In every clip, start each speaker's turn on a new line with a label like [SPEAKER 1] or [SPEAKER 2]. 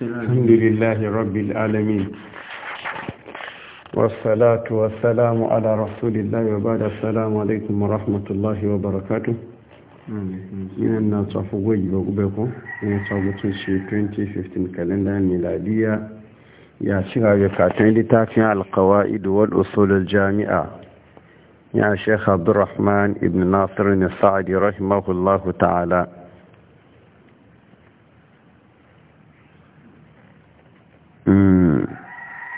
[SPEAKER 1] الحمد لله رب العالمين والصلاة والسلام على رسول الله وبعد السلام عليكم ورحمة الله وبركاته من الناس فوقي بقبكم من صابت 2015 كالندر ميلادية يا شيخ يكاتين لتاتي القواعد والأصول الجامعة يا شيخ عبد الرحمن ابن ناصر السعدي رحمه الله تعالى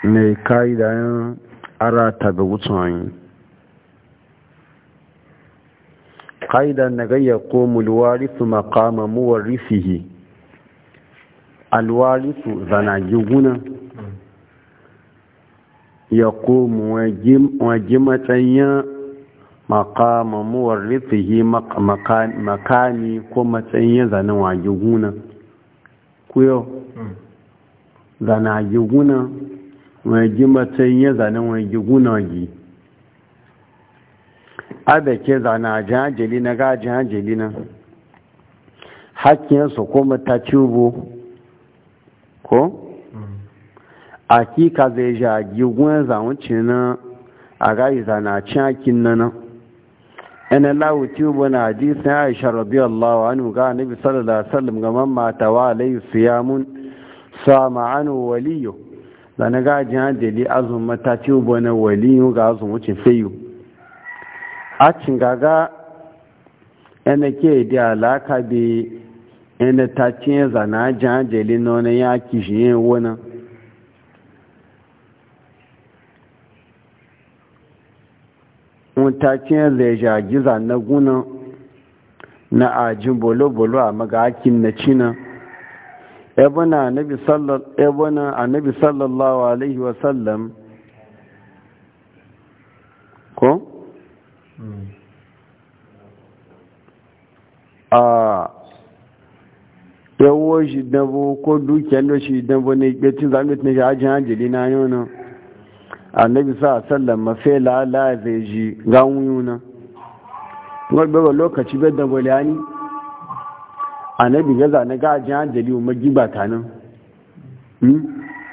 [SPEAKER 1] ne ka'ida yan ara tabi wutsoyi ka'ida na gayya ko mulwarisu makama muwarrisihi alwarisu zanagi guna ya komu waje matsayin makama muwarrisihi makani ko matsayin zanen waje guna kuyo zanagi hmm. guna wagi matsayin ya zanen wagi guna wagi adake zana a jihajjali na ga jihajjali na su kuma ta cibo ko A akika zai jagi guna zaunci na a zane a cin hakin nana ina lawo cibo na ji sun aisha rabi allawa wani ga nabi sallallahu alaihi wasallam ga mamata wa alaihi siyamun sama anu waliyo zane ga jiyan deli azun mataci ubo na waliyu ga azun wucin feyu a gaga yana ke di alaka bi yana ta cinye zana jiyan deli na wani ya kishi yin wani mutacin zai jagi zane gunan na ajin bolo-bolo a magakin na cinan ebana annabi sallallahu alaihi wasallam ko? a yawo shi dabo ko dukiyar da shi dabo ne ƙetin zamit na shi na yau nan annabi sa sallam mafi la'ala zai ji gawun yuna. Wọ́n gbẹ́gbẹ̀ lokaci bẹ́ dabo ni. Hmm? Eh. a na annabi ga zane ga magi ba ta nan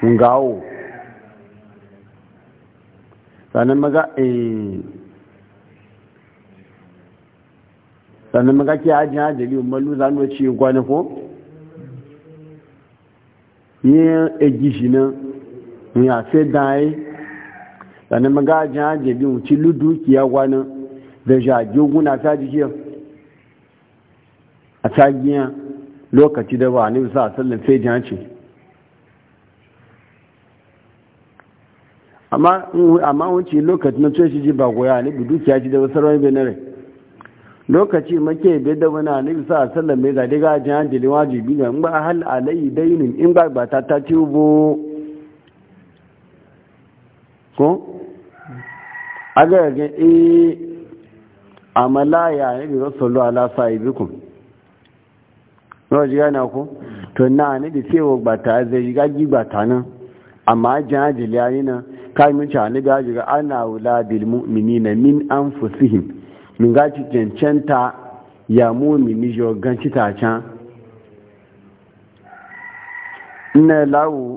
[SPEAKER 1] in gawo sannan maga sannan maga ke ajin anjali malu za nwa ce gwani ko yin egishi na ya fi daye sannan maga ajin anjali umar ci ludu kiya gwani da jage guna ta jikiyar a tagiya lokaci da ba ne sa sallan sai jan ce amma amma wuce lokaci na tsoye shi ji ba goya ne bi dukiya ji da wasu rawar benare lokaci make bai da wani ne sa sallan mai zade ga jan jeli wajibi ne in ba hal alai dainin in ba ba ta tace tubo ko aga ga eh amala ya ne bi rasulullah ala sahibikum na ji na ku to na ne da cewa ba ta zai yi gaji ba ta nan amma jan ajili yayi na kai mun ci hannu gaji ga ana wula bil mu'minina min an anfusihim min gaci cancanta ya mu'mini jo ganci ta can ina lawo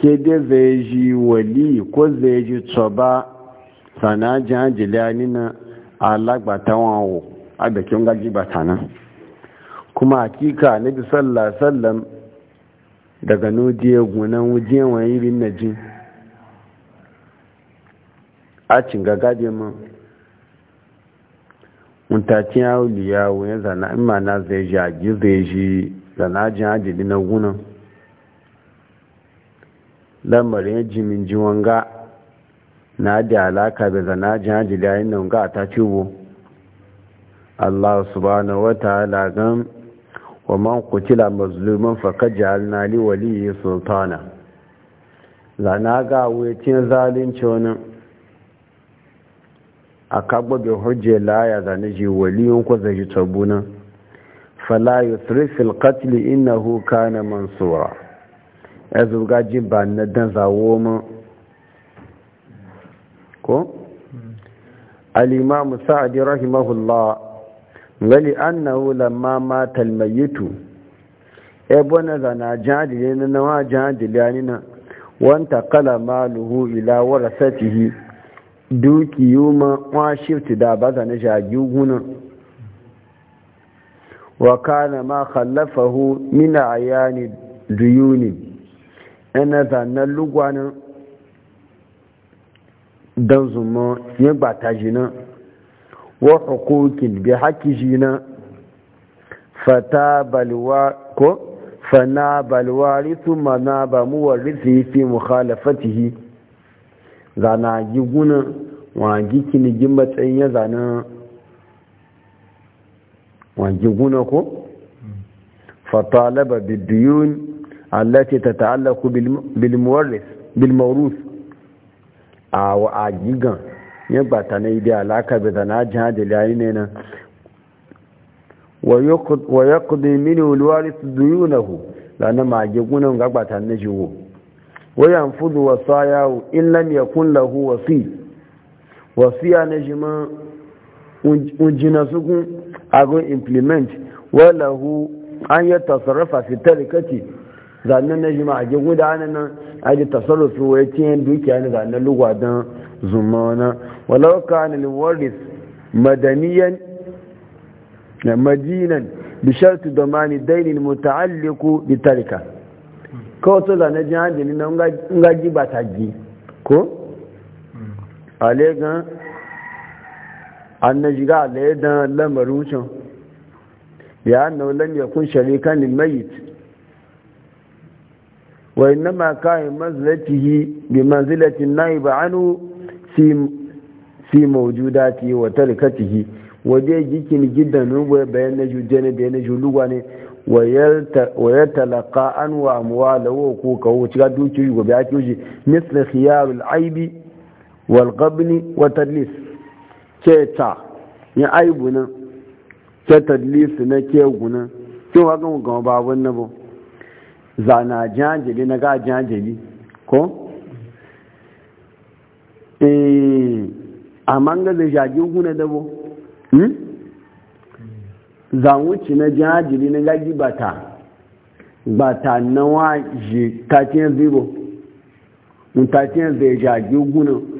[SPEAKER 1] ke da zai ji wali ko zai ji tsoba sana jan ajili yayi nan alagbata wọn wo abekin gaji ba ta nan kuma hakika nabi sallallahu alaihi daga nudiye gunan wujiyan wani irin na ji a cinga gaje ma mutacin ya wuli ya wuyan zana ima na zai ji agi zai ji zana ajin ajili na gunan lamarin ya ji min ji wanga na da alaka da zana ajin ajili a yi nan ga ta ciwo Allah subhanahu wa ta'ala gan wa man kutila mazlumin faqad ja'alna li waliyyi sultana zana ga wucin zalunci wani a kagbabe hujje laya zane ji waliyun ku zai tabuna fala yusrifil qatl innahu kana mansura azu gaji ba na dan zawo mu ko hmm. al-imam sa'di rahimahullah gali annahu lamma ma almayitu e zana jadile na nawa jadile ni na wanta kala maluhu ila warasatihi duki yuma wa shifti da baza na shagi guna wa kana ma khallafahu min ayani duyuni ana e zana lugwanin don zuma ya gbata jinan وحقوق بحق جينا فتاب الوارث فناب الوارث ثم ناب مورثه في مخالفته زانا جيغونا وانجي كني جي متسين زانا وانجي غونا كو فطالب بالديون التي تتعلق بالمورث بالموروث او اجيغان ya gbata na idi alaka bai da jihar da layi ne nan wa ya kudu mini wuluwari su duyu na hu da na mage gunan ga gbata na jiwo wa ya fudu wa sa in lam ya kun lahu wasi ya na jima ujina sukun agon implement wa lahu an yi tasarrafa fitar kaci. zannan na jima a ji gudanar nan a ji tasarrufi wa ya ciyen dukiya na zannan lugwa don zuma wana walauka na lewaris madaniyan na majinan bishartu da mani dainin muta'alliku bi tarika kawai to zannan jin hajjini na ngaji ba ta ji ko alegan an na jiga alayyadan don lamarin wucin ya annawa lam shari'a kan lil mayyit wa innama kai manzilatihi bi manzilati naib anhu fi fi mawjudati wa tarikatihi waje jikin gidan ruwa bayan na jujjene bayan na juluwa ne wa ya talaka an wa amuwa lawo ko kawo cika dukiyoyi gobe ya kyoji misli khiyarul aibi wal gabni wa tadlis ke ta ya aibu nan na ke gunan kin wa gan gama babun na bu zana janjeli na ga janjeli ko eh amma ga da jagi gune dabo hmm zan wuce na janjeli na ga gibata bata na ji tatin zibo mun tatin da jagi gune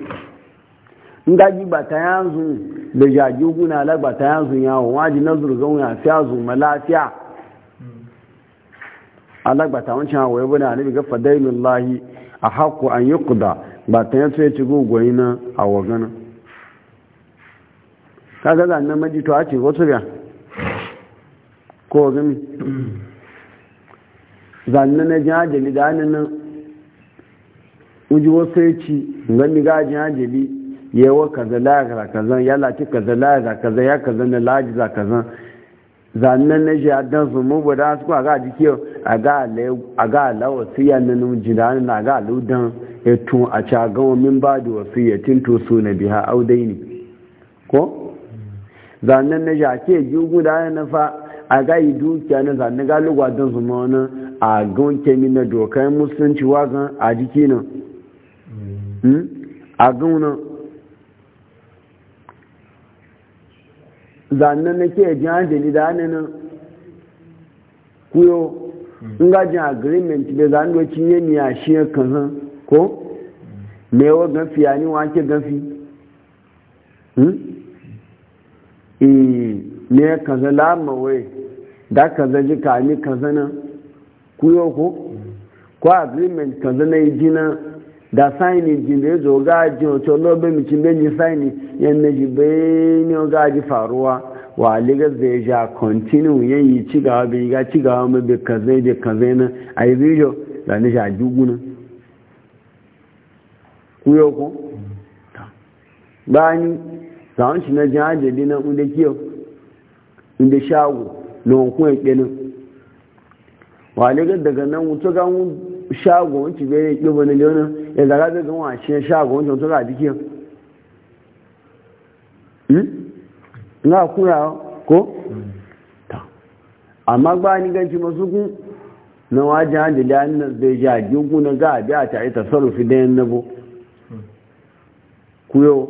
[SPEAKER 1] nga gibata yanzu da jagi gune ala bata yanzu yawo waji nazuru ga ya fiya malafiya alagbata wancan hawaye bane a nabi ga dainun lahi a haku an yi kuda ba ta yanzu ya ci gugoyi na a wagana ka gaza na maji to a ce wasu biya ko gami zannan na jin ajali da hannun nan uji wasu ya ci gani gajin ajali yawa kaza la kaza yala ci kaza la kaza ya kaza na laji za kaza zannan na shi adan su mu guda su kuma ga jiki a ga alawa su yannan jinanin na ga aludan ya tun a cagawa min ba da wasu ya tinto su na biya audai ne ko zannan na shi a ke yi guda na fa a ga yi dukiya na zannan ga lugwa don su ma wani a gan min na dokar musulunci wagan a jiki nan mm. hmm? a gunan zannan na ke jin hanjali da hannun kuyo in hmm. gajin agreement da zanocin ya niya shi ya kan ko me wa gafi ya ni wa ke gafi ne hmm? ya kaza lamawai da kaza ji ka ni kaza nan kuyo ko hmm. ko agreement kaza na yi jinan da saini jinde zo gaji wato lobe mutum bai saini yadda ji bai ne gaji faruwa wa ligas da ya ja kontinu yan yi cigawa bai ga cigawa mai bai kazai bai kazai na a yi rijo da ni ja duguna kuyo ko bani zawon shi na jihajjadi na inda kiyo inda shago na wankun ya kenan wa ligas daga nan wuce ga shago wancin bai ya ƙi na leonin ya zaga zai zama a shi shago wancan to ga dikiyan na kura ko amma ba ni ganci masu ku? na wajen hajji da yanin da ya ji na za a biya ta ita sarrafi da yan nabo kuyo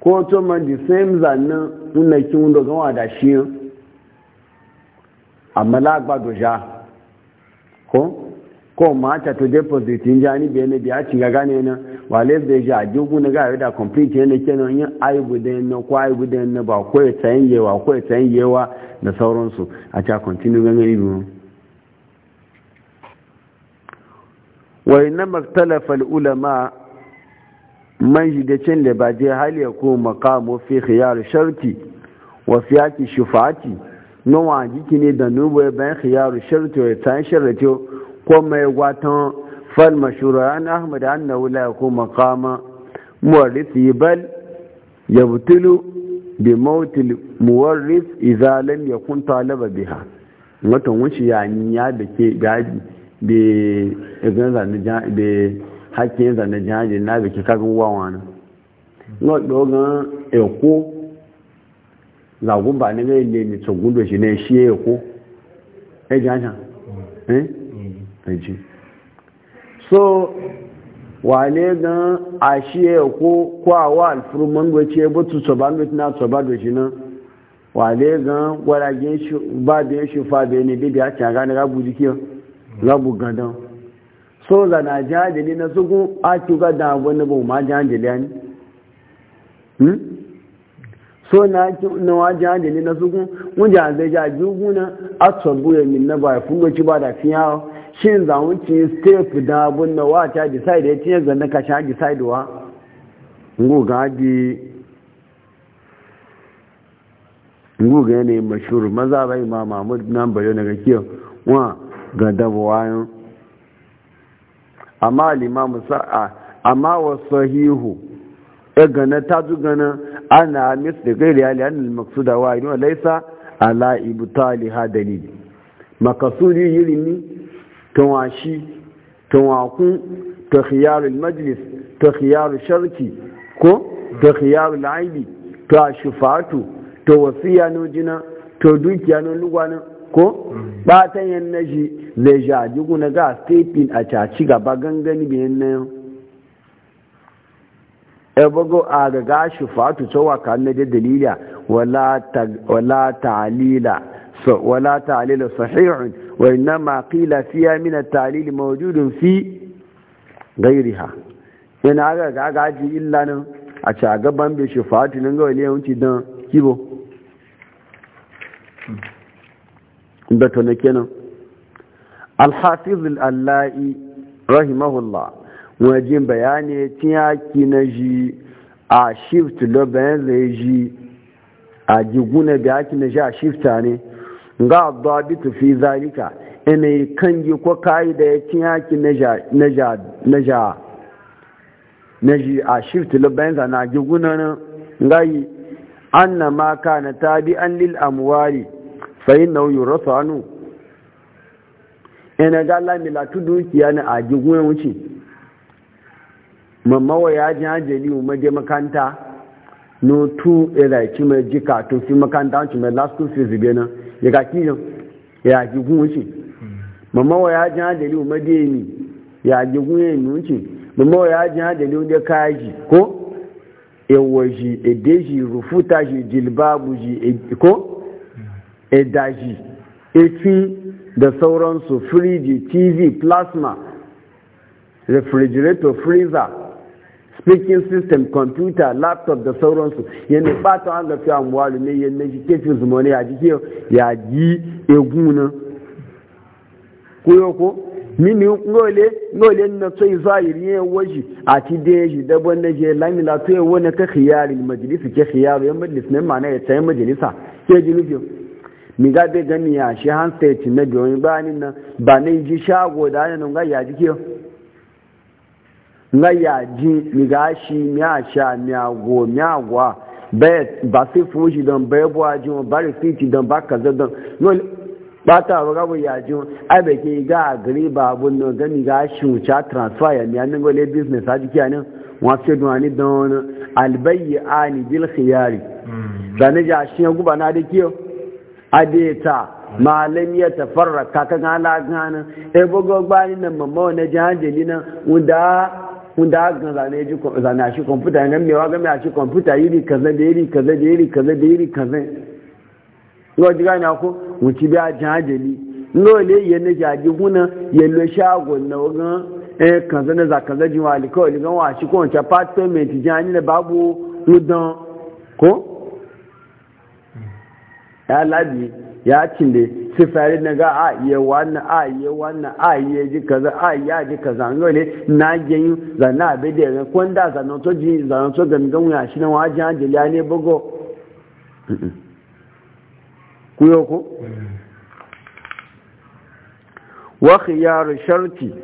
[SPEAKER 1] ko to man di same zannan nuna kin da gawa da shi amma la gba doja ko ko mata to deposit in jani biya ne biya cin gaga ne na wale ji a jugu na ga da complete ne kenan yin ai gudan na ko ai gudan na ba ko ya e tsayin yewa ko ya e tsayin yewa da sauransu a ta continue gangani biyu wa inna maktalafa ulama man shigacin da ba je hali ya ko makamu fi khiyar sharti wa fiyaki shufati nawa jiki ne da nubu ya bayan khiyar sharti wa tsayin sharti ko mai watan fal mashura an ahmad annahu la yakun maqama muwarrith bal yabtulu bi al muwarrith idha lam yakun talaba biha wato wuce ya nya da ke gadi be idan zan ja be hakkin zan ja ji na be ke ga wawa na no dogan eko lagun ba ne ne ne tsogun do shi ne shi eko e jajan eh aji so wale gan ashe ko kwawa alfurman gwace butu soba na soba doshi nan wale gan shi ba da ya shufa da ne bibi a can gane rabu jiki rabu gadon so za na jajili na suku a cuga da wani bu ma jajili ya ne hmm? so na na wa jajili na suku wajen zai jajugu na a tsobu ya min na ba ya ci ba da fiyawa shin za step da abun wa ta decide ya cinye zanna ka sha decide wa ngoga bi ngoga ne mashhur maza bai ma Mahmud nan bayo daga kiyo wa ga dabawayin amma limamu sa'a amma wa sahihu ya e gana ta zu gana ana mis da gairi ali an maqsuda wa idan laisa ala ibtali hadani makasuri yirini tawashi tawaku ta khiyarul majlis ta khiyarul sharki ko ta khiyarul aibi ta shufatu ta wasiya no jina ta dukiya no lugwana ko batan yan naji le jaji guna ga stepin a caci gaba gangani biyan nan ebogo a ga ga shufatu ta waka na dalila wala ta'lila wala ta'lila sahihun وإنما قيل فيها من التعليل موجود fi? غيرها yana aga ga aga aji illa nan a ci a gaban bai shi fati nan ga wani yawanci don kibo da to na kenan alhafiz al'allai rahimahullah wajen bayani cin yaki na ji a shift lo bayan zai ji a jiguna da yaki na ji a shifta ne ga dabitu fi zalika ina kangi ko kai da ya yaki na naja na a shift labayin sa na gigunan gayi anna ma kana tabi'an lil amwali fa inna yurasu ina ga la milatu dukiya na a gigunan wuce mamma wa ya ji ajali mu je makanta no tu ila ki mai jika to fi makanta ki mai last two fees bi na ya ga kiyan ya ji gun wuce mamma wa ya ji hadali wa madeni ya ji gun ya ni wuce mamma wa ya ji hadali wanda kaya ko ewa ji ede ji rufuta ji jilbabu ji e, ko eda ji etu da sauransu firiji tv plasma refrigerator freezer speaking system computer laptop da sauransu yana bata an gafi amwalu ne yana ji kefi zuma ya ji jike ya ji eguna kuyoko mini ngole ngole na tsoyi zahiri ne waji a ti dai shi dabon na je lamila to ya wani ka khiyari majalisa ke khiyari Ya majalisa ne ma'ana ya tsaye majalisa ke ji nufi mi ga bai gani ya shi han state na biyoyi bayanin nan ba na ji shago da ya nunga ya ji yau? na yaji migashi miyasha miyago miyagwa ba sai fushi don bai buwa jin ba rifiti don ba kaza don ai bai ke ga gari ba abun nan ga migashi wuce transfer ya miya nan gole business a jiki nan wasu duwani don albayi ani bil khiyari da ya guba na da kiyo adeta malam ya tafarra kakan ala ganin ebe gogba ni mamma wani jihar jeli kun da haka zane ji zane a shi kwamfuta nan mewa game a shi kwamfuta iri kaza da iri kaza da iri kaza da iri kaza yau ji gane ko wuce biya jan hajjali yau ne yi na jaji huna yallo shagon na wajen eh kaza na za ji wa alikawa ligan wa shi mai apartment jani da babu rudan ko ya labi ya cinde sifari na ga a ah, iya wannan a ah, iya wannan a ah, iya ji kaza a iya ji kaza ne na gani zana abe da yanzu kwan da zanen to ji zanen to gangan wuya shi na wajen hajjali ya ne bugo kuyo ko wa khiyaru sharti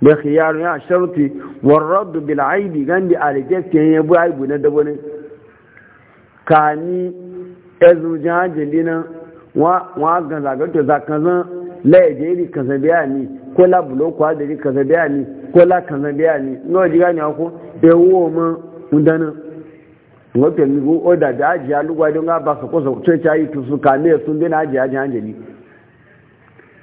[SPEAKER 1] da khiyaru ya sharti warraddu bil aibi gandi a rejectin ya bu aibu na dabonin kani ezu jajilina wa gan zagar to za kan kanzan laye ni ko la bulo kwa da iri ni ko kanzan kan ni no ji gani ako e wo mo ndana ngo te mi go oda da aji alugwa don ga ba so ko so to cha yi tusu ka sun bi na aji aji anjeli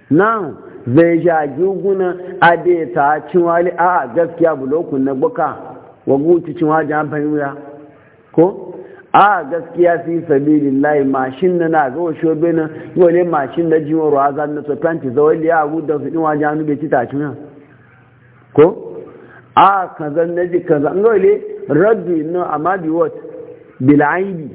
[SPEAKER 1] now zai ja guguna ade ta cin wali a gaskiya bulo kun na buka wa gutu cin wajen bayan ko a gaskiya fi sabilin layi mashin na na ga wasu obi na wale mashin na jiwon ruwa na so tanti zawon liya a gudan su ɗin wajen hannu bai ci tashi na ko a kazan na ji kazan ga wale raddu na amadi wat bil'aibi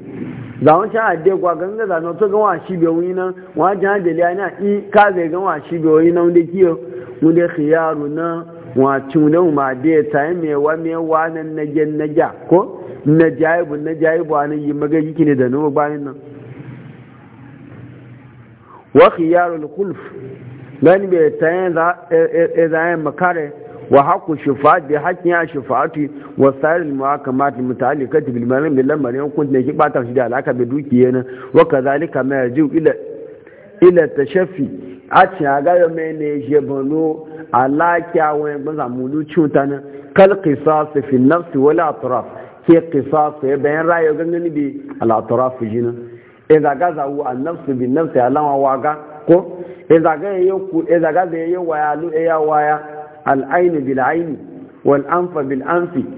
[SPEAKER 1] za wani can ade kwa ganga za na to ga wa shi bai wuyi na wajen hannu bai liya na i ka zai gan wa shi bai wuyi na wunde kiyo wunde khiyaru na wa da ma da ya tayi mai wa mai wa nan na gen na ja ko na jaibu na jaibu a nan yi magaji kine da nuna bayan nan wa khiyarul khulf dan bai tayi za e, e, e za ya e makare wa haqqu shifa'at bi haqqi ya shifa'ati wa sa'ir al muhakamat muta'alliqati bil maram bil lamarin kun ne ki bata shi da alaka da dukiya nan wa kazalika ma yajiu ila ila tashaffi a ci a gaya mai ne je bano alaki a wani banza mulu cuta kal qisas fi nafsi wala atraf ke qisas ya bayan rayo gangani bi al atraf jina idza gaza bi nafsi alama waga ko idza ga yaku idza gaza bil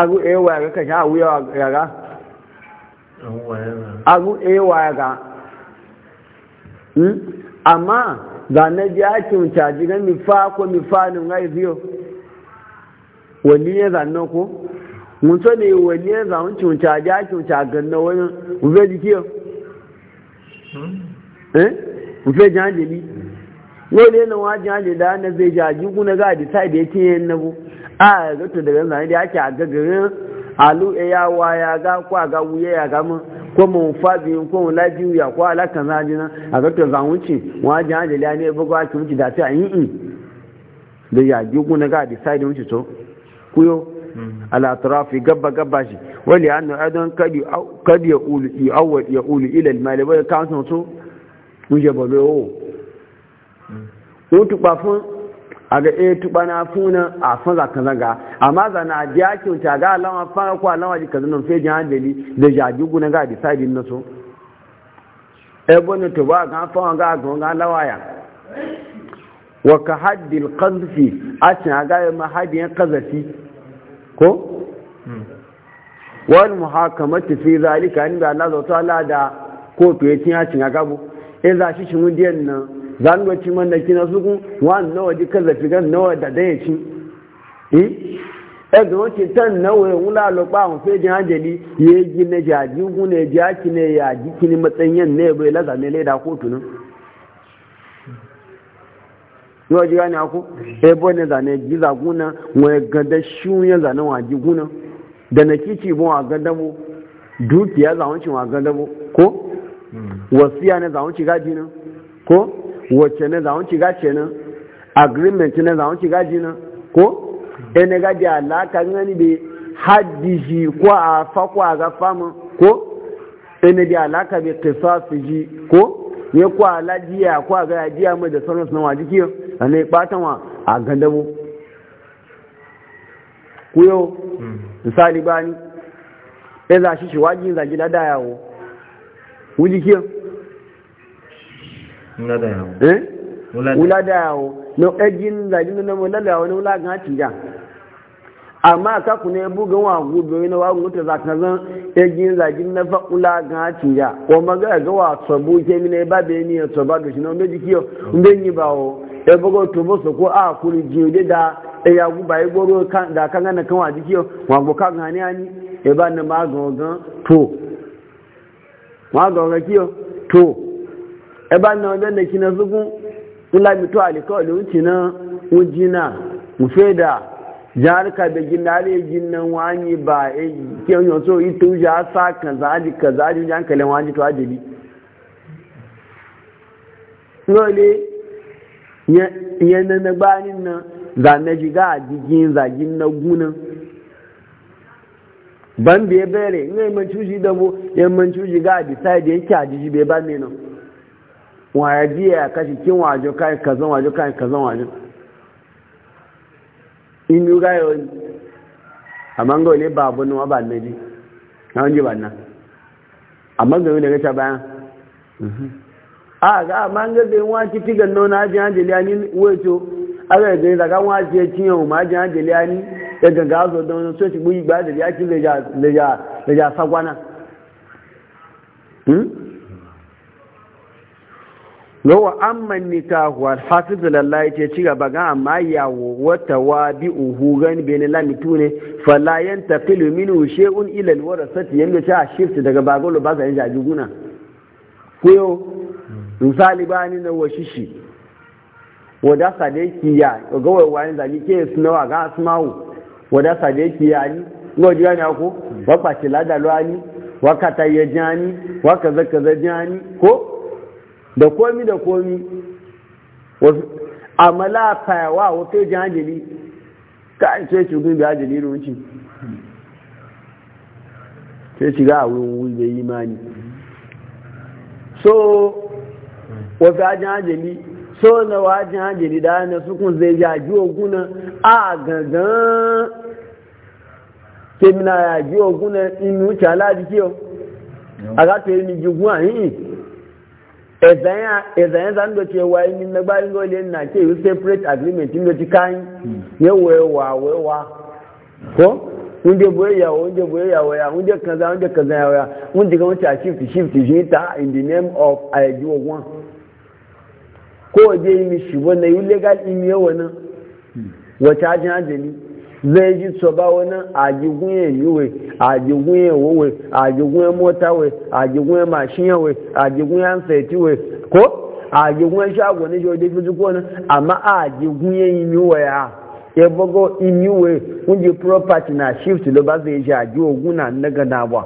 [SPEAKER 1] aru ewa ga kasha a wuya ya ga aru ewa ya ga hmm? amma ga na biya kin caji ga mi fa ko mi fa nun ga biyo wani ya zanna ko mun so ne wani ya zanna kin caji a kin caji na wani mu fe dikiyo hmm? eh mu fe janjeli ne ne na wa janjeli da na zai jaji kuna ga decide yake yin nabo a ga to daga nan da ake a gagarin alu e ya wa ya ga ko a ga wuye ya ga mu ko mu fabi ko mu laji ya ko ala kan zaji nan a ga to zan wa ji an da ne bugo a ki da ta yi in da ya ji ku na ga decide wuce to kuyo mm. ala tarafi gabba gabba shi wali annu adon kadi kadi ya ulu ya ulu ila al mali wa kan to mun je balo o to mm. tu pa fun aga e tuba na funa a fan za kan zanga amma za na wuce a ga alama fara ko alama ji kazan nan fejin handali da jaji guna ga decide na so e bonne to ba ga fa ga ga ga lawaya wa ka haddil qadfi a cin ga ma ya qazati ko hmm. wal muhakamati fi zalika inda Allah ta'ala da kotu to yacin ya cin ga gabu e za shi mun diyan nan zangoci man da kina suku wani nawa ji kan zafi gan nawa da dai ci eh ɗaga wace tan nawa e wula lokpa a mafi jin hanjali ya yi gina jaji gune jaki ne ya ji kini matsayin ne bai e laza ne da ko nan yo ji gani aku e bo ne zane ji e ga da shu ya zane wa ji guna da na kici bo a gada mu dukiya zawancin wa gada mu ko hmm. wasiya ne zawancin gadi nan ko wacce na zawon ci gace nan agreement na zawon ci gaji nan ko ene gaji alaka ngani be haddi ko a fa ko a gafa mu ko ene bi alaka be qisas ji ko ne ko alajiya ko a ga jiya mu da sauransu na wajiki ne batan wa a gandabo kuyo misali bani e ya zashi shi waji zagi da dayawo wujikiyar
[SPEAKER 2] eh wulada
[SPEAKER 1] yawo na ƙajin zagin na wulada yawo na wula ga hati amma ka ku ne bugan wa na wa mutu za ka zan ƙajin zagin na fa'ula ga hati ko maga ga wa tsobo ke mi ne ba bai ni ya tsoba da shi na wani jiki yau in yi ba wo ya bugo to ko a kuri jiyo da ya guba ya goro da kan gana kan wa jiki yau wa goka ga ni ani ba na ma to ma ga kiyo to ẹba náà ọjọ́ ní kíná sókún ńlámitó àlìkọ́ọ̀lù ń tì náà ń jìnà ń fẹ́dà jarka da ginare ginnan wani ba e, ke yanyo so ita ya sa kaza ji kaza ji jankalin wani to ajibi lole yana na gbanin nan za na shiga a jikin zagin na gunan ban bai bere ne mancu shi dabo yan mancu shiga a bisa da yake a bai ba mai nan waya biya kashi kin wajo kai kazan wajo kai kazan wajo in yi gayo amma ga wani babu nuna ba na ji na wani ba na amma ga wani daga bayan mhm. a ga amma ga zai wa ci tigan nuna ajiyar ajiyar ni wato aga ga zaga wa ci ya cinye ma ajiyar ajiyar ni ya ganga zo don so ci buyi ba da ya ci da sagwana hmm? lowa amman nikahu wal hafiz lillah yace ci gaba ga amma yawo wata wabi uhu gani bin lamitu ne fala yantaqilu minhu shay'un ila sati warasati yanda ta shift daga bagolo ba sai jaji guna koyo misali ni na washishi wada sadeki ya ga wayan zaki ke wa ga asma'u wada sadeki ya ni ngodi gani ako wa kwaci ani wa katayya jani wa kaza kaza jani ko da komi da komi a la fayawa wato jajili ta an ce shugun biya jajili ruci sai shiga a wurin wuri da imani so wasu ajin hajjali so na wajin hajjali da na sukun zai yaji oguna a gangan kemina yaji oguna inu wuce alaji kiyo a gato yi ni jigun ahihin ẹ̀zẹ̀yẹn zan do ce wa ni na gbari ngo le na ce you separate agreement ndo ti kan hmm. ye we wa we wa ko unde boye ya unde boye ya wa unde kaza unde kaza ya wa unde ga wata shift shift jita in the name of i do one ko je mi shi wannan illegal in ye wannan wata jin ajali zai ji tsoba wani ajigunye yiwe we wowe ajigunye mota we ajigunye mashin we ajigunye anseti we ko ajigunye shago ne shi wajen fi wani amma ajigunye yimiwe ya ya bago yimiwe wunji property na shift lo ba zai shi aji ogun na naga na ba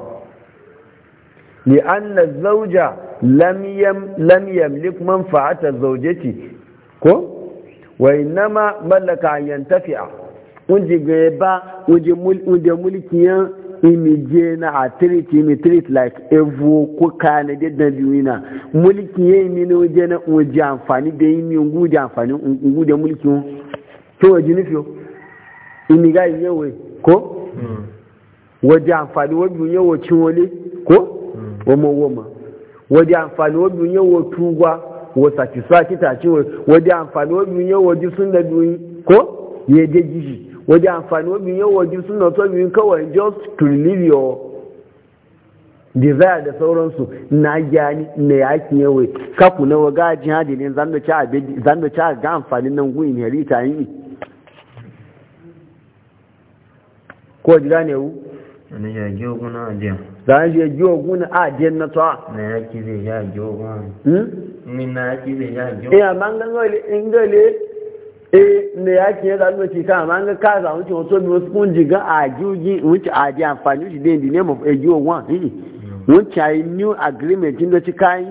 [SPEAKER 1] li na zauja lam yamlik manfa'ata zaujati ko wa innama mallaka yantafi'a wunji ga ba wunje ya imije na a treat imi treat like evu ko kana da da biwina mulki yayi mi ne wuje na wuje amfani da yi mi ungu da amfani ungu da mulki un to waje ni fiyo imi ga yi yawe ko hmm. waje amfani waje yawo cin wale ko hmm. woma woma waje amfani waje yawo tugwa wo satisfaction ta ci waje amfani waje yawo jisun da duyi ko ye jiji waje amfani wabin yau waje suna so biyun kawai just to live your desire da sauransu na gyani na yakin yawai kaku na waga jihadi ne zan da ci ga amfani nan gun inherita yi ko ji gane wu na yagi ogun na adiyan zan shi yagi ogun na adiyan na tsawa na yaki zai yagi ogun min hmm? na yaki zai yagi ogun iya mangan gole eh ne ya ke da lokaci ka amma ga ka za mu ci wato mi wasu kun jiga a juji wuce a di amfani shi den di ne mu e jiwo wan hi eh. mun ci ai new agreement din da ci kai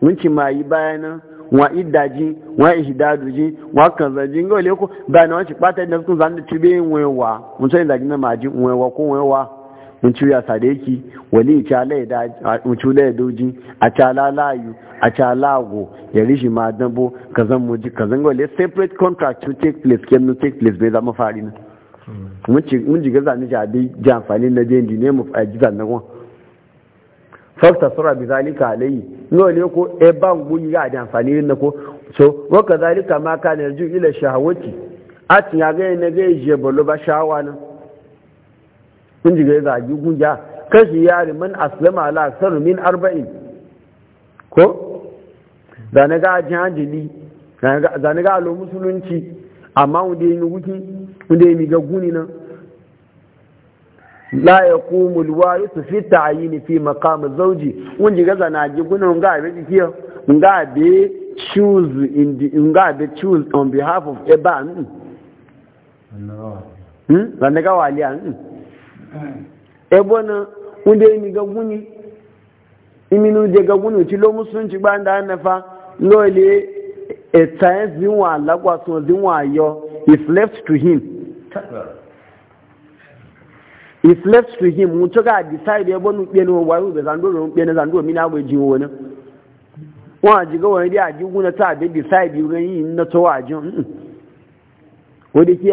[SPEAKER 1] mun ci ma yi bayanan wa idaji, wa ihdaduji wa kanzaji ngole ko ba na wace pata da kun zan da tibe wewa mun sai da gina maji wewa ko wewa ci ya sare ki wani ci ala doji a ci layu a ci ala ya rishi ma dambo ka zan muji ka zan gole separate contract to take place ke no take place bai zama fari na mun ji gaza ni ja bi ji amfani na jendi ne mu a ji zanna gwan fakta sura bi zalika alayhi ngole ko e ba ngun ya da amfani na ko so wa kadhalika ma kana yarju ila shahawati atin ya ga ne ga je bolo ba shawana kun jiga ya zagi gunja kashi yari man aslama ala aksar min arba'in ko zane ga jihadili zane ga alo musulunci amma wanda ya yi wuki wanda ya yi ga guni nan la ya ya su fi ta'yini fi maqam zawji kun ji ga zana ji guna nga abin kiyo nga abin choose in the nga abin choose on behalf of eban hmm zane ga waliya hmm ebe na wanda iminu je ti lo musulunci ba da nafa lo ile a e time zinwa ayo if left to him if left to him mutu ga decide ebe nu pe ni be zando ro pe ni zando mi na bo ji wo na wọn àjìgọ́ wọn rí àjígún náà tàbí decide rẹ̀ yìí ń ná àjọ kí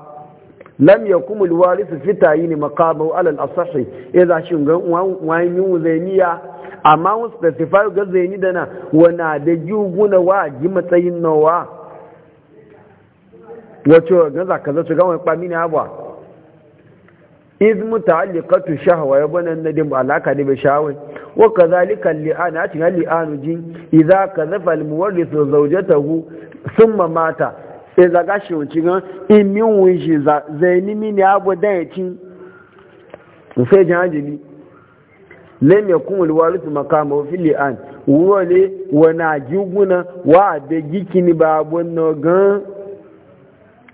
[SPEAKER 1] lam yakum alwarisu fitayin maqamahu ala al-asahhi idza shin ga wani zainiya. amma wasu specify ga zaini dana wana da juguna wa ji matsayin nawa wato ga zaka zato ga wani kwami ne abwa iz muta'alliqatu shahwa ya banan nadim alaka da bi shawai wa kadhalika al-li'an atin al-li'anu jin idza kadhafa al-muwarrithu zawjatahu thumma mata e zaga shi wanci gan imin wunshi zaini mini abu da ya ci nfe jin hajjili lem ya kun ulwaru su makama wa fili an wale wana jiguna wa abe gikini ba abu na gan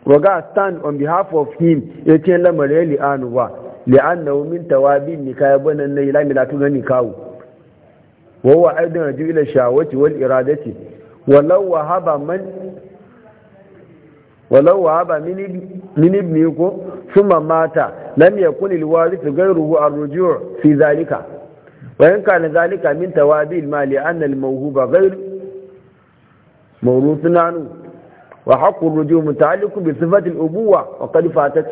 [SPEAKER 1] waga stand on behalf of him ya ce lamarin li'anu ba li'annahu min tawabi nikaya banan na ila milatu gani kawo وهو أيضا يجب إلى الشهوة والإرادة ولو haba من walau wa ba minib ne ko suma mata lam yakun alwarith ghayruhu arruju' fi zalika wa in kana zalika min tawabi almali an almawhuba ghayr mawruthun anhu wa haqqu arruju' muta'alliq bi sifati alubuwa wa qad fatat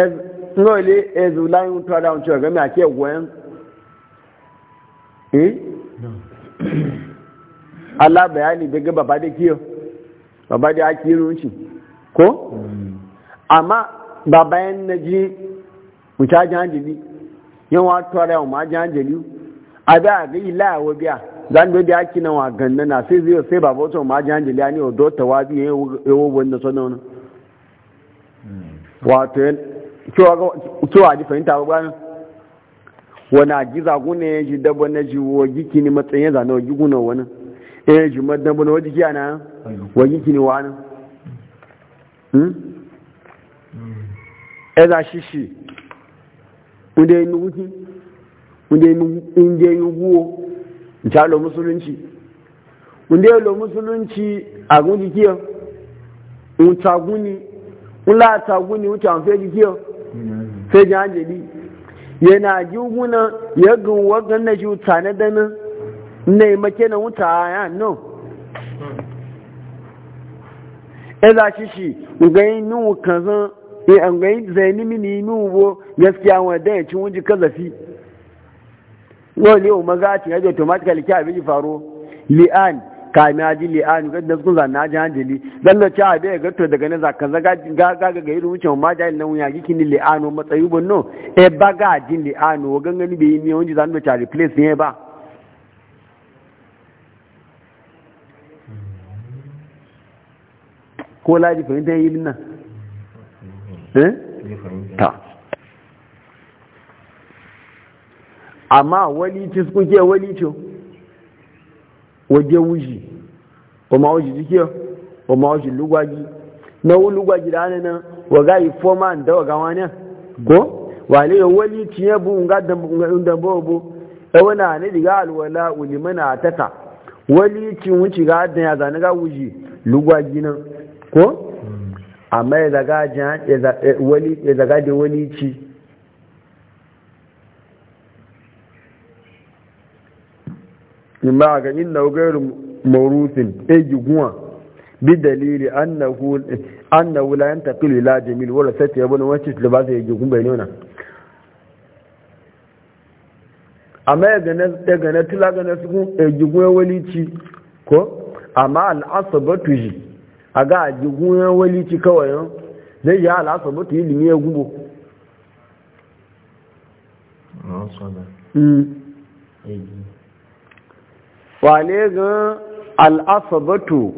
[SPEAKER 1] ez no ile ez ulan to da uncho ga mi ake gwen eh Allah bayani daga baba da kiyo baba da ake yi runci ko amma ba bayan na je wuce ajin hanjali yan wa tuwara yawon ajin hanjali a biya ga ila ya wa biya zan da da ake nan wa ganna na sai zai sai baba wata ma ajin hanjali ya ne odo ta wa biya yawo wanda sanar wani hmm. wato kewa ji fahimta ba gwanin wani ajiza zagunan ya ji dabba na ji wa giki ne matsayin zane wa giguna wani eh jumar dan bana wajen hmm? eh, na wajen kini wa nan ẹza ṣíṣì ndé inú wiki ndé inú ndị ìta musulunci ndé lọ musulunci àgún jíkíọ ntagún ni ńlá àtagún ni wúta fẹ́ jíkíọ fẹ́ jẹ́ àjẹ́lì yẹn na àjí ugun náà yẹ gùn wọ́gán ne make na wuta ya no eza shi shi ngai nu kazan e ngai zaini mini nu bo gaskiya wanda ya ci wuji kazafi no ne o maza ci haje automatically ki abin faro li'an ka na ji li'an ga da sun zanna ji hanjali? dan na ci abin ga to daga ne zaka zaga ga ga ga irin wucin ma da nan ya gikin li'ano matsayi bonno e baga jin li'ano bai be ni wanda zan da ta replace ne ba ko laji fahimta yi nan eh? ta amma wali ci su kuke wali ci waje wuji o ma wuji jike o ma wuji lugwaji na wu lugwagi da hannun nan waga yi foma da waga wani ko wale ya e wali ci ya bu nga dambo bu ya wani ne diga alwala ulimana taka wali ci wuci ga adan ya zane ga wuji lugwagi nan ko amma ya zaga eh, da wani ci imma ga inna gairu maurufin egi eh, guwa bi dalili annahu annahu la yantaqilu ila jamil wala sati yabun wacce da ba su yi gun bai nuna amma ya ga na ga na tula ga ya su eh, ci ko amma al asabatu ji a ga ajigun yan walici kawai yau zai yi alasa mutu ilimi ya gubo wale gan al'asabatu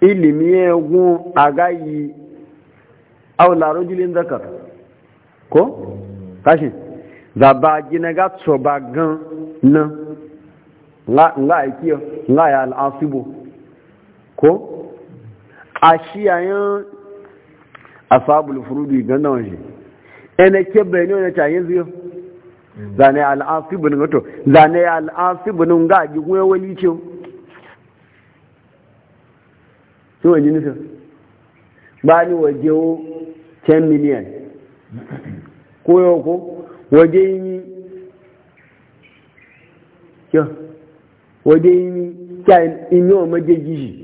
[SPEAKER 1] ilimi ya gu a gayi aularo jilin zakar ko? Hmm. kashi zaba gina ga tsoba gan nan nga aiki nga ya al'asibu ko? a shiyayen asabul furudi ganda wani ene ke bayani wani ta yanzu yau zane al'asibin wato zane al'asibin ga ji kuma wani ce shi wani nufi ba ni waje 10 miliyan ko yau ko waje yi waje yi kya imi o maje jiji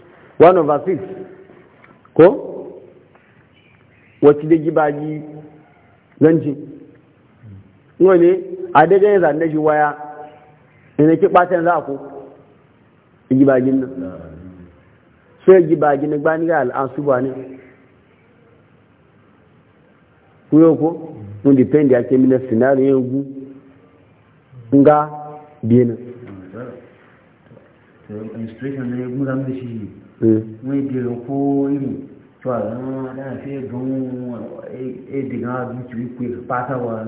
[SPEAKER 1] 1 over 6 ko wacce da gibaji ganci wani a daga yin zane shi waya ina ki ɓatan za ku gibagin nan sai gibagin na gbani ga al'asu ba ne yau ko mun depend ya ke mina sinari yin gu nga biyanin administration ne mu zama da shi eh. mun yi ko irin cewa zama dana sai gan a diga zuci ku ya fata wa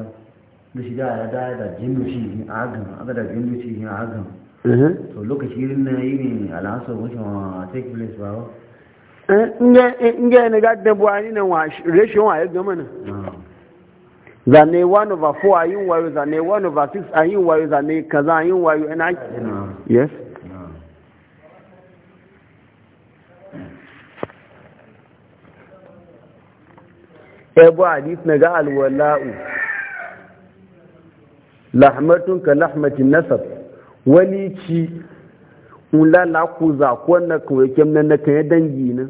[SPEAKER 1] da shi da ya da da jindu shi a hagan da jindu shi a hagan eh. to lokaci irin na irin alhassan wasu a take place ba ba eh, inge yana gadda buwani na rashin wa ya ah. zane 1 over 4 a yin wayo zane 1 over 6 a yin wayo zane kaza a wayo yana yes ebu hadis na ga alwala'u lahmatun ka lahmatin nasab wani ci ulala ku za ku wannan kawai nan na kan dangi nan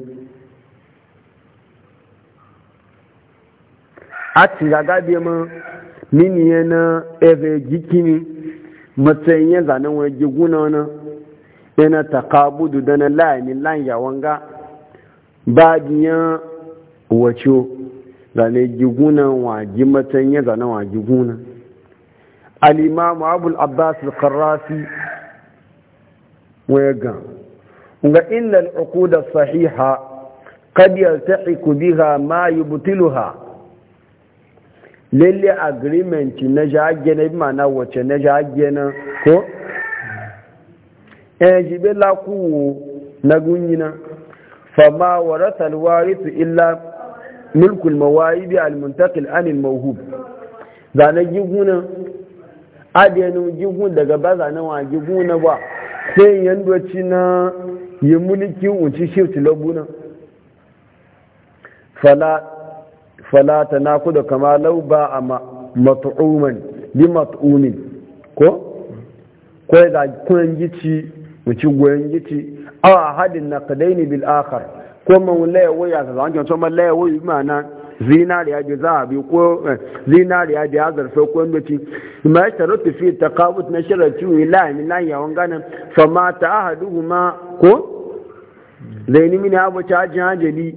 [SPEAKER 1] a ci gaga bai ma mini na ebe jikini matsayin ya zanen wani giguna wani yana takabudu da na layanin layan yawon ga biyan wacce. zane gigunan waji matan ya zane waji jiguna. alimamu abul abbas al-qarrafi waya ga ga illa al-uqud as-sahiha qad yaltahiqu biha ma yubtiluha lalle agreement na jage na bi mana wace na jage na ko eh jibe la ku na gunyina fama waratha al-warith illa mulkul mawaibi almuntakil anil mawhub zane gigunan adiyanu gigun daga ba zane wa giguna ba sai yandoci na yi mulki unci shift laguna Falata na kudu kama lau ba a matu'uman bi matu'umin ko kwai da kun gici muci goyon gici a hadin na kadaini bil akhar ko man layawo ya kaza wancan so man layawo yi ma'ana zinariya bi zahabi ko eh, zinariya bi azarfe ko ndoci ma sharutu fi taqabut na sharatu ila min lan yawan ganan fa ma ta ahaduhuma ko zaini min abu ta jajali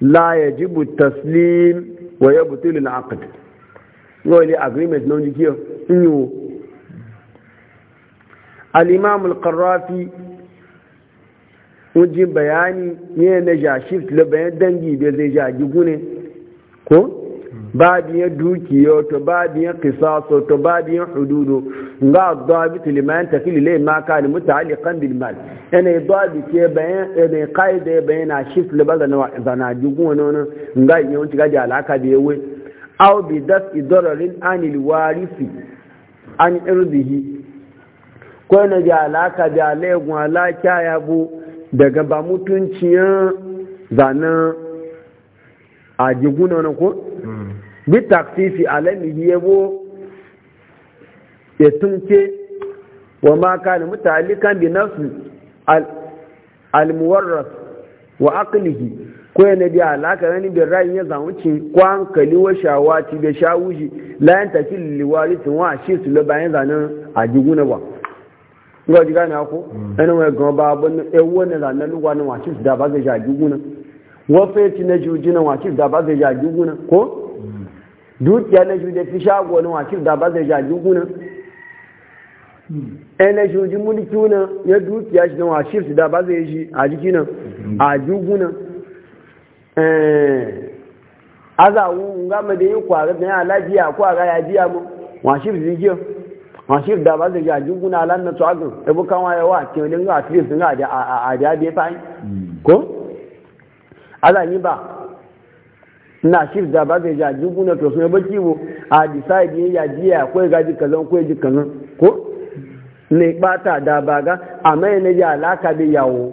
[SPEAKER 1] la yajibu taslim wa yabtulu al-aqd wali agreement non dikiyo inyo al-imam Alimami qarrafi wajen bayani ne na ja shift bayan dangi da zai ja gigu ne ko babiyan dukiyo to babiyan kisaso to babiyan hududu nga dabit liman tafil ilay ma kan muta'alliqan bil mal ene ke bayan ene qaida bayan shift la zana gigu wani wani nga yawan ci gaji alaka da bi das anil warisi an daga ba mutunciyar zanen a jiguna wani ko? Hmm. bi taksifi alamihi yabo ya tunke wa maka da mutalikan bi nasu almuwarras wa aklihi ko ya nabi alaka rani bin rayin ya zamuci ko hankali wa shawaci da shawushi layan tafi liwaritin wa shi su bayan zanen a jiguna ba ga ji gane ko ana wai ga ba ban e wannan la na luwa na wace da ba ga jaju guna wafe ti na juji nan wace da ba ga jaju guna ko dukiya na juji fi shago na wace da ba ga jaju guna ene juji mulki nan ya dukiya shi nan wace da ba ga shi a jiki nan a juguna eh azawu ngama da yi kwara da ya lafiya kwara ya biya mu wace da jiyo masu da ba zai yajin guna lan na tsagun ebu kama ya wa ke wani ga atleast ga a da bai fa ko ala ni ba na shir da ba zai yajin guna to sun ba kiwo a decide ya yaji ya ko ga ji kazan ko ji kazan ko ne bata da baga amma ne ya alaka da yawo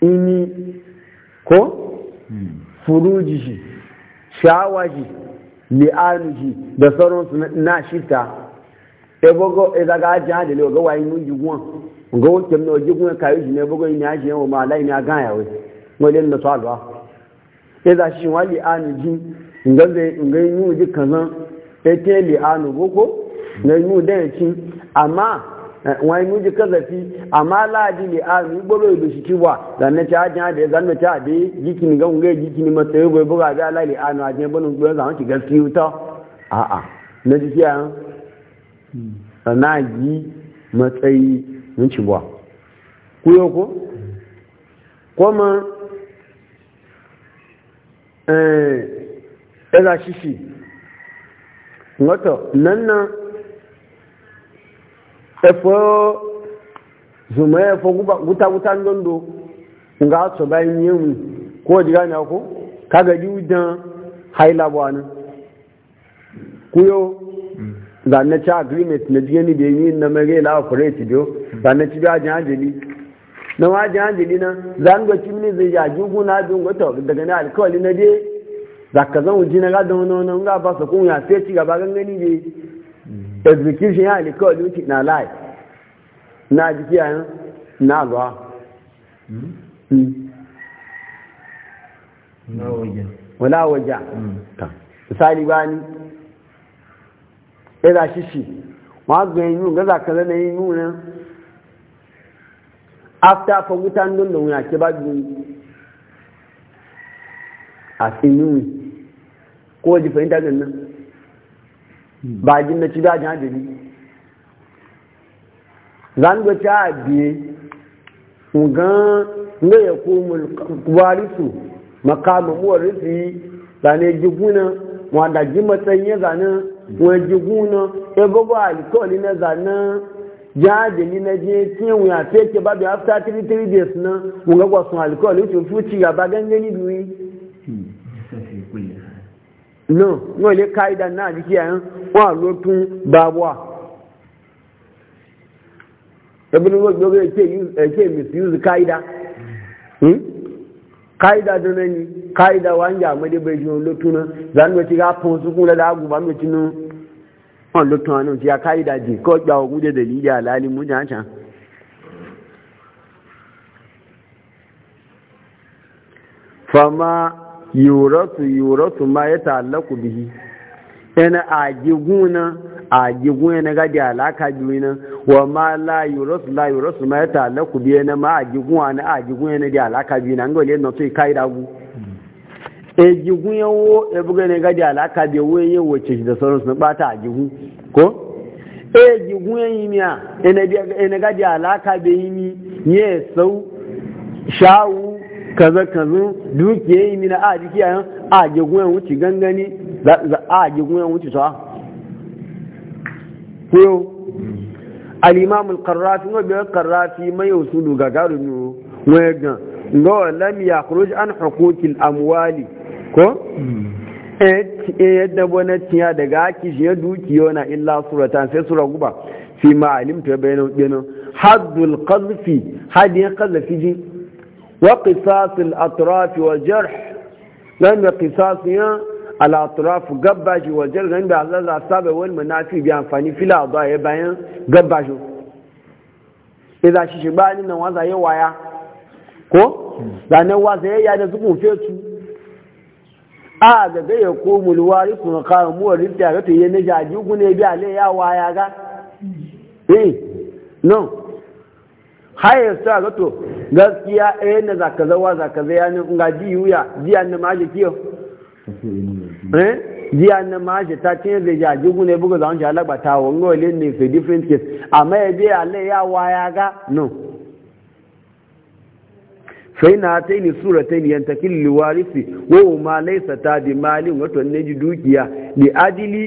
[SPEAKER 1] ini ko furuji shi shawaji li'anuji da sauransu na shita ebogo ezaga aji aji le ogo wa inu jigun ngo wo kemna ojigun ka yuji ne ebogo ini aji en ma lai ni agan yawe ngo le nlo so alwa eza shi wa li anu ji nga ze ngo inu ji kanzan ete li anu boko ngo inu den chi ama eh, wọn inu ji kazafi amma ladi li anu gboro ilu shi kiwa da na ta aji aji zan ta abi jikini ga ngo jikini masayo boy boga ga lali anu aji en bonu gboro zan ki uta a a na ji kiyan sana yi matsayi mun ci ba ku yau ko kuma ɗaga eh, shishi wato nan na efo zuma ya fo guta-guta dondo ga su bayan yin ko jira ne ko kaga yi wujan haila ba ku yau zane ci agreement na ni da yi na mage la operate biyo zane ci biyo ajin ni? na ma ajin ni na zan ga ci mini zai yaji guna bin gwata daga na alkawali na Za ka zan wuji na gadon wani wani nga ba su kun ya sai ci gaba gangani bi execution ya alkawali wuce na lai na jiki yayin na ba hmm. wala waja misali hmm. ni. ẹ̀dà ṣíṣì wọ́n á gbẹ̀ inú gẹ́gà kan lẹ́nà inú rẹ̀ after fọwọ́tà ń lọ́nà òun àti bá gbé àti inú rẹ̀ kó o di fẹ́ ìdájọ́ náà bá bàjí mẹ́tí bá jẹ́ àjẹ́ ní àdèrí tí a ǹgán biye ngan ne ya kuma warisu makamu warisu náà jiguna wanda ji yẹn zanen wajigun na ebogo alikoli na zana jihadi na je tiyan ya feke babu after three three days na mun ga kwasun alikoli wuce fuci gaba gangani duwi no no le kaida na jiki yan wa lotun babwa ebinu wo gbe ke use ke misuse kaida kaida da nani kaida wanja amade bai jin lotuna zan me ga fon kula da agu ba me no on lotuna no ya kaida ji ko gba ogun de dalili alali mu jan can fama yuratu yuratu ma ya ta'allaku bihi yana ajiguna a gigun na gadi alaka biyu nan wa ma la yurasu la yurasu ma ya talaku biyu na ma a gigun na a gigun na di alaka biyu nan gole na sai kai dagu e gigun yawo e buga na gadi alaka biyu wani yawo wace shi da sauransu na bata a gigun ko e gigun yayi miya e na gadi alaka biyu yi mi ye sau shawu kaza kaza dukiya yi mi na a jiki a yan a gigun wuce gangani a gigun wuce sawa ko al karrafi al-qarrafi wa bi qarrafi mai usulu gagarumu wa ga ngo lam yakhruj an huquqil amwali
[SPEAKER 2] ko hmm.
[SPEAKER 1] eh, eh, yadda gwamnati tiya daga haki shi ya dukiyo na illa suratan sai sura guba fi alimta ta bayan ɗinin haddul ƙarfi hadin ya ji wa ƙisasin atrafi wa jarh nan da ya ala turafu gabbashi wal jargan da Allah za sabe wal munafi bi amfani fila da ya bayan gabbashi idan shi shi bani nan waza ya waya ko da nan waza ya da zukun fetu a ga ga ya komu luwari kuma kawo muwa rifta ga to yi na jaji gune bi ale ya waya ga eh no haye sa ga to gaskiya eh na zakaza wa zakaza ya ne ga ji yuya ji an ma ji kiyo eh jiya na mashi ta cin da ja jigu ne buga zan shi alagbata wanga wale ne fi different case amma ya biya Allah ya waya ga no sai na ta ni sura ta yi yantakin liwarisi wa ma laisa ta bi malin wato ne ji dukiya bi adili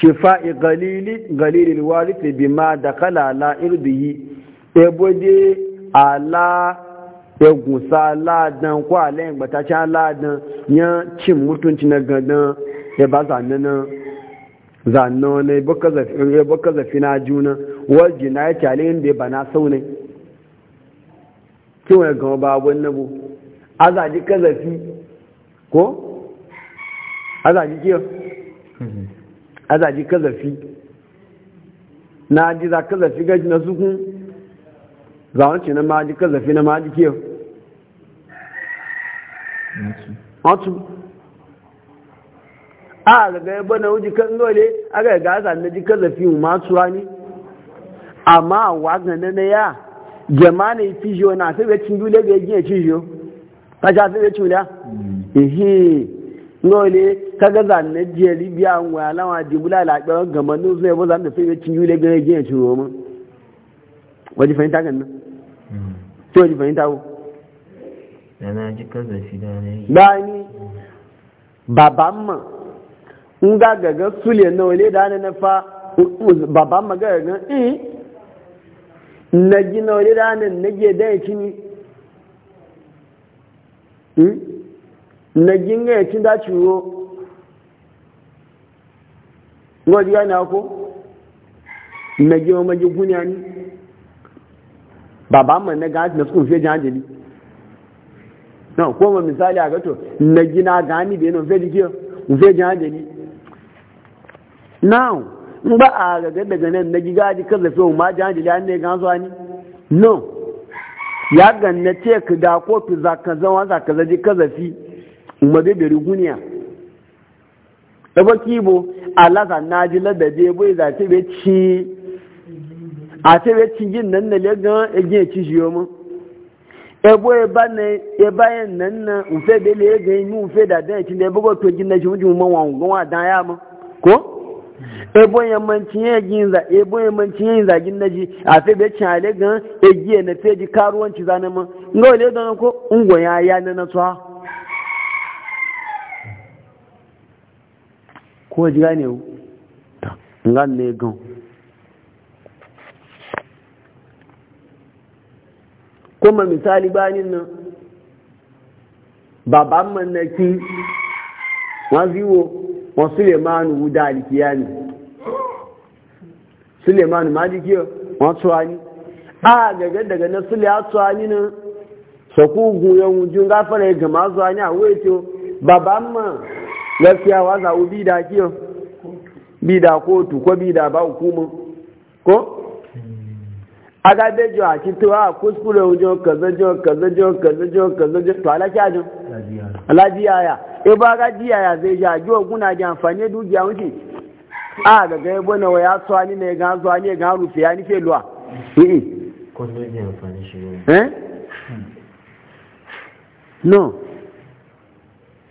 [SPEAKER 1] shifa'i galili galili liwarisi bi ma da kala la irbihi ebo de ala egusa ladan ko alayin gbataccen ladan ya cin mutunci na gadan ya ba zannan zannan ne baka zafi na juna wajen na ya cale da ba na saune kiwon ya gama babon nabo azaji kazafi ko? azaji kiyo? Mm-hmm. azaji kazafi na ji za kazafi gaji na sukun zaunci na ma maji kazafi na ma maji kiyo otu a gaga yabo na wuji kan gole a ga gaza na ji kazafi ma tuwa ni amma wa na ya jama ne fijo na sai ga cin dole ga gina fijo ka ja sai ga cula ehe ngole ka ga zan na je libya an wa gama nu sai bo zan da sai ga cin dole ga gina fahimta hmm. fahimta ko bani baban ma in ga gaga sule na wale da na fa baban ma ga gaga in eh, na ji na wale da na nage da ya ci ni hmm? na ji ga ya ci da ciwo gwaji yana ko na ji ma ji kuniya ni baban ma na ga na suka fiye jihajali na ko ma misali a gato na gina gani da yana fe jike mu fe da hajjali in ba a gaga daga nan na giga ji kan fe ma jin hajjali an ne gan zuwa ni no ya ganna ce ka da ko fi zama wa zakaza ji kaza fi ma zai bari guniya da ba kibo Allah za na ji ladabe bai e za ta bai ci a ta bai ci yin nan na lega ya e e ci shi yo mun ebo eba na eba yẹn nan na nfe bele ege inu nfe na ebogo to gina ṣe wujin mọ wa dan ya ma, ko ebo yẹn man ntinyẹ egin nza ebo nza na ji afe be kyan ale gan egi yẹn na feji karuwanci zane ma, nga ole don ko ngwo ya ya na na tsoa ko ji gane wo nga ne gan kuma misali bayanin nan baban mannaki waziwo wa sulemanu wuda alikiyani sulemanu malikiyo wa tsuwani a gaga daga na sule a tsuwani nan saku goyon wujin gafara ya gama zuwa a weto baban ma gaskiya wa za'u bi da kiyo bi da kotu ko bi da ba hukumu ko agabejo àti tó a kó sukúlẹ̀ ojú kẹsẹjọ kẹsẹjọ kẹsẹjọ kẹsẹjọ tó alájájọ alájíyàyà ebo agajíyàyà zèjì àjọ ogun náà jẹ àǹfààní dúkìá ń sì a gàgà ebo náà wọ́n yà sọ ani náà gan sọ ani gan rufẹ́ ani fẹ́ lọ́à. kọ́ńdọ́ jẹ́ àǹfààní ṣe no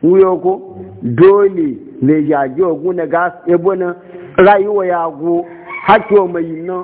[SPEAKER 1] wuyo ko dole zèjì àjọ ogun náà ebo náà ráyíwọ̀ yà gó hákì ọmọ yìí náà.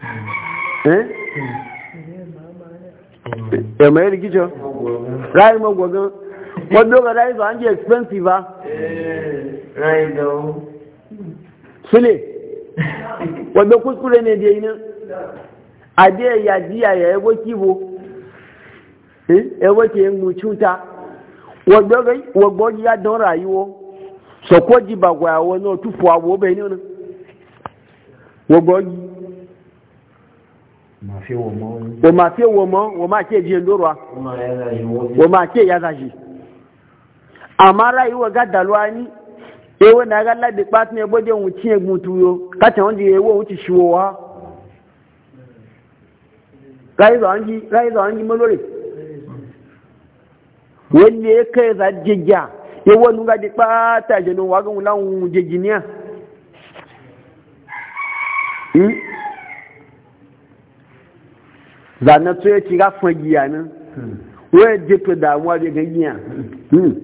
[SPEAKER 1] eh ya mai ga ba an kuskure ne a da ya diya ya don rayuwa sokoji ba gwayawa na wọ́n máa fi wọ́n mọ́ wọ́n máa kéèjì ẹ̀ndọ́rọ̀ wọ́n máa kéèjì yázaji àmàrà ìwọ̀ gádàlúwà ní ewé na agálábì pàtí ní ẹgbọ́dẹ̀ ohun tí ẹgbùn túyọ káàkiri wọ́n di ewé ohun ti ṣíwọ́ wá ráyìzọ̀ ọ́njí mọ́lórì wọ́n zanen to ya ci ga fagiya nan waya je to damuwa bai ganyiya hmm.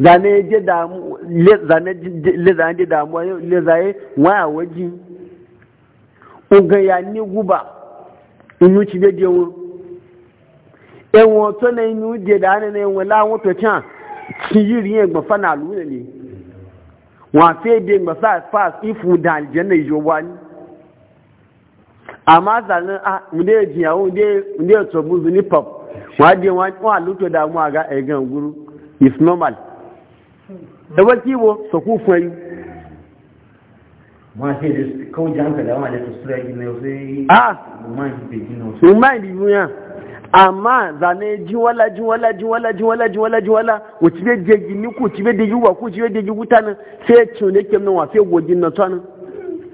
[SPEAKER 1] zane ya je damuwa zane damuwa le zaye waya waji ogan ya ni guba inu ci de dewo ẹwọn tó na da ne na ẹwọn láwọn tó kàn ci yiri yẹn gbọ̀fà na ne ni wọn àfẹ́ de gbọ̀fà fast ifu da aljanna ìjọba ni amma zanen a wunde ya jiya wunde ya tobu zuni pop wajen wa luto damuwa ga egan guru is normal da hmm. wasi wo so ku fai ma se de ko janka da ma de to sura gi ne o se ah ma ji be gi no ma di buya amma zane ji wala ji wala ji wala ji wala ji wala ji wala o be je gi ni ku ti be de gi wa ku ti be de gi wutanin sai tune kem no wa sai gojin na tanin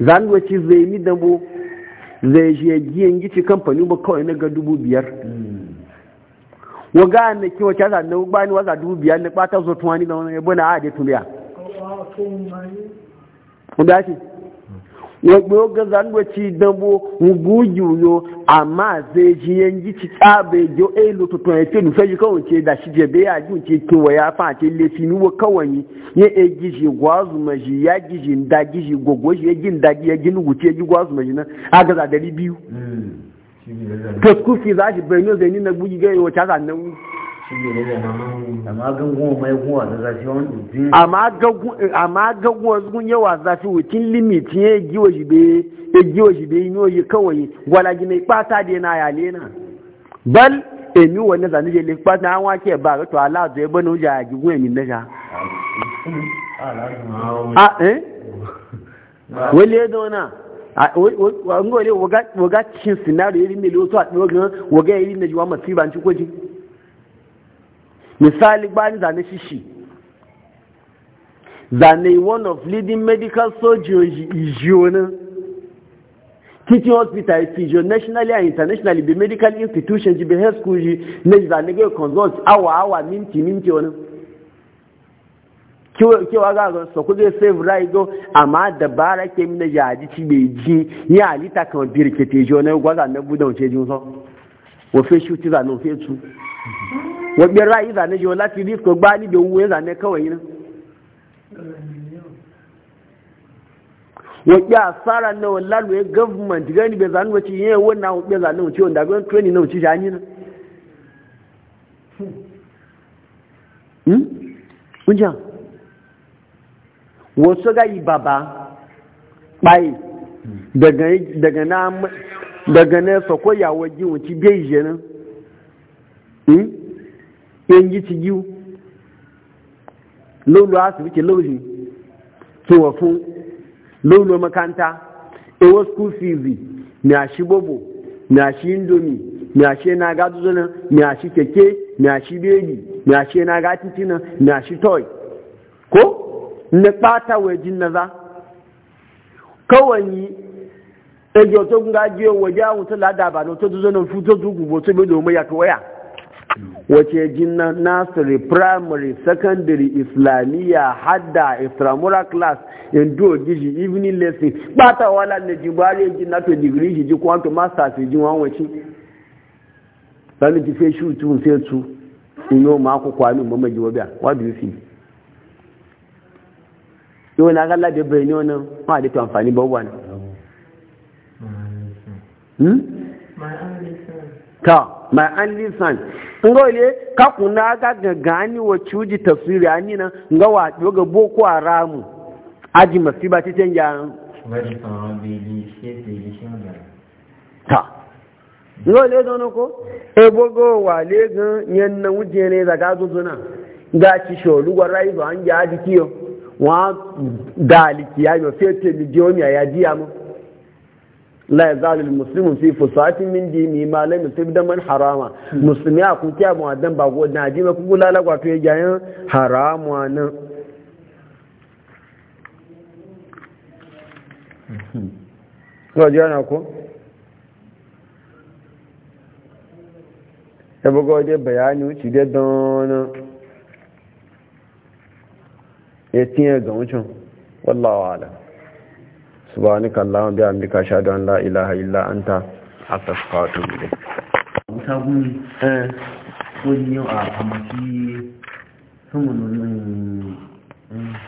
[SPEAKER 1] zanwaci zai mi dabo zai je giyan gici kamfani ba kawai na ga dubu biyar waga na kewa ta za na gbani waza dubu biyar na kwata zo tuwani da wani yabo na a da tuliya. wagbe oge zangoci dambo ngugi uyo amma zai ji yangi ci tsabe jo e lutu to yake nu sai kawai ce da shi jebe ya ji ce ke waya fa ce lefi ni wa kawai ya e giji gwazu ya giji nda giji gogo shi ya da ya gin wuce ji gwazu na aga za biyu to kufi za shi bai no zai ni na bugi ga yo ta nan amma gaguwa zugun yawa zafi wucin limitin ya giwa shi be ya giwa shi be yin yoyi kawai gwala gina ipata da yana yale na bal emi wani zane je lefa an ba to ala zo ebe nuja ya gun emi na a eh wale ya zauna waga cin sinari irin mele wasu a ɗogon waga irin na jiwa masu ban kwaji misali gbani zane shishi zane one of leading medical surgeons ijiyonin teaching hospital ijiyo nationally and internationally be medical institutions be health school ji na zane ga consult awa awa minti minti wani kewa ga ga so kuge save right go amma da dabara ke mina yaji ci be ji ni alita kan birkete jo na gwaza na budan ce jin so wo fe shuti za no fe tu wabin ra'ayi zane jiwa lati risk ba ni da wuwe zane kawai yi nan wabin asara na wallalu ya government gani bai zane wace yin yawon na wabin zane wace wanda gani training na wace shani nan Kunja, wasu gayi baba ɓaye daga na daga na sakwai yawon jiwon ci bai yanyi ci yiwu lolo asibiti lori kewa fún lolo makanta ewo school fees ni a shi bobo ni a indomi ni a shi na ga duzuna ni a keke ni a shi bebi ni a shi na ga titina ni a toy ko ne pata wejin na za kawai ejo to nga je waje awun to ladaba no to duzuna fu to dugu bo to be do mo ya to waya wace jinna nursery primary secondary islamiyya hadda extramural class indo gishi evening lesson pata wala ne jibari jinna to degree shi ji kwanto masters ji wan wace sami ti fe shu tu fe tu ino ma ko kwami mo maji wobia what do you think yo na galla de bre ni ona ma de to amfani ba wani hmm ta my only son nga ile kaku na ga gani wa cuji tafsiri ani na nga wa yoga boko haramu aji masiba ti tenja ta nga ile don ko ebogo wa le gan yen na wuje ne da ga zuzuna ga ci sholu wa raizo an ja adikiyo wa daliki ya yo fete mi jomi ya diya mu la yazalu muslimu fi fusati min dini ma lam yusib man harama muslimi a kun kiya mu adan ba go na ji ma kun la kwato ya yayin haramu nan ko ji ana ko ya bugo dai bayani ci da don ya tiye ga wucin wallahi alam subhanaka allahumma bi amrika ashhadu an la ilaha illa anta astaghfiruka wa atubu
[SPEAKER 2] ilayk sabun eh ko a amati sumunun eh,